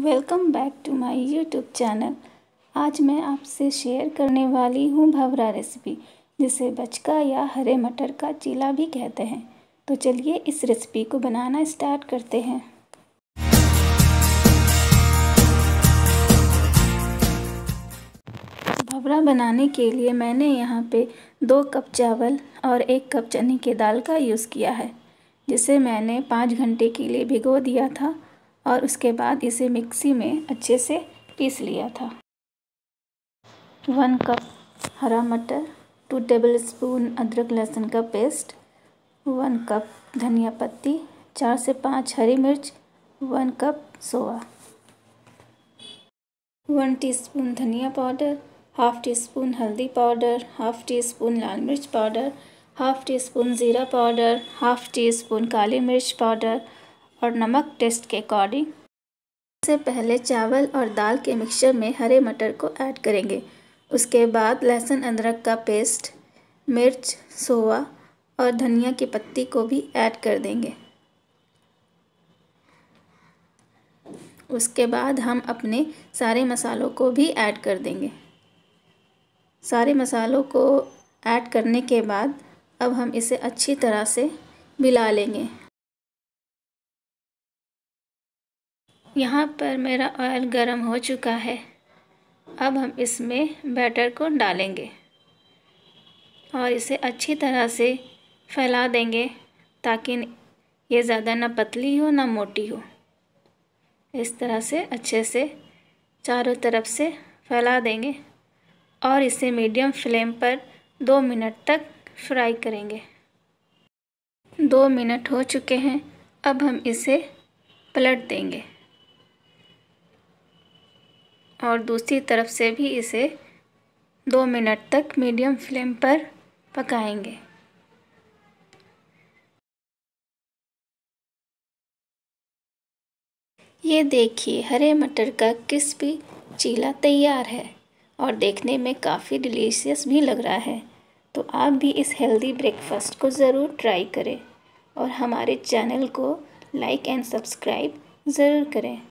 welcome back to my YouTube channel आज मैं आपसे शेयर करने वाली हूँ भवरा रेसिपी जिसे बचका या हरे मटर का चीला भी कहते हैं तो चलिए इस रेसिपी को बनाना स्टार्ट करते हैं भवरा बनाने के लिए मैंने यहाँ पे दो कप चावल और एक कप चने के दाल का यूज़ किया है जिसे मैंने पाँच घंटे के लिए भिगो दिया था और उसके बाद इसे मिक्सी में अच्छे से पीस लिया था वन कप हरा मटर टू टेबल स्पून अदरक लहसुन का पेस्ट वन कप धनिया पत्ती चार से पाँच हरी मिर्च वन कप सोआ वन टीस्पून धनिया पाउडर हाफ़ टी स्पून हल्दी पाउडर हाफ़ टी स्पून लाल मिर्च पाउडर हाफ़ टी स्पून ज़ीरा पाउडर हाफ़ टी स्पून काली मिर्च पाउडर और नमक टेस्ट के अकॉर्डिंग सबसे पहले चावल और दाल के मिक्सचर में हरे मटर को ऐड करेंगे उसके बाद लहसुन अदरक का पेस्ट मिर्च सोवा और धनिया की पत्ती को भी ऐड कर देंगे उसके बाद हम अपने सारे मसालों को भी ऐड कर देंगे सारे मसालों को ऐड करने के बाद अब हम इसे अच्छी तरह से मिला लेंगे यहाँ पर मेरा ऑयल गर्म हो चुका है अब हम इसमें बैटर को डालेंगे और इसे अच्छी तरह से फैला देंगे ताकि ये ज़्यादा ना पतली हो ना मोटी हो इस तरह से अच्छे से चारों तरफ से फैला देंगे और इसे मीडियम फ्लेम पर दो मिनट तक फ्राई करेंगे दो मिनट हो चुके हैं अब हम इसे पलट देंगे और दूसरी तरफ से भी इसे दो मिनट तक मीडियम फ्लेम पर पकाएंगे ये देखिए हरे मटर का क्रिस्पी चीला तैयार है और देखने में काफ़ी डिलीशियस भी लग रहा है तो आप भी इस हेल्दी ब्रेकफास्ट को ज़रूर ट्राई करें और हमारे चैनल को लाइक एंड सब्सक्राइब ज़रूर करें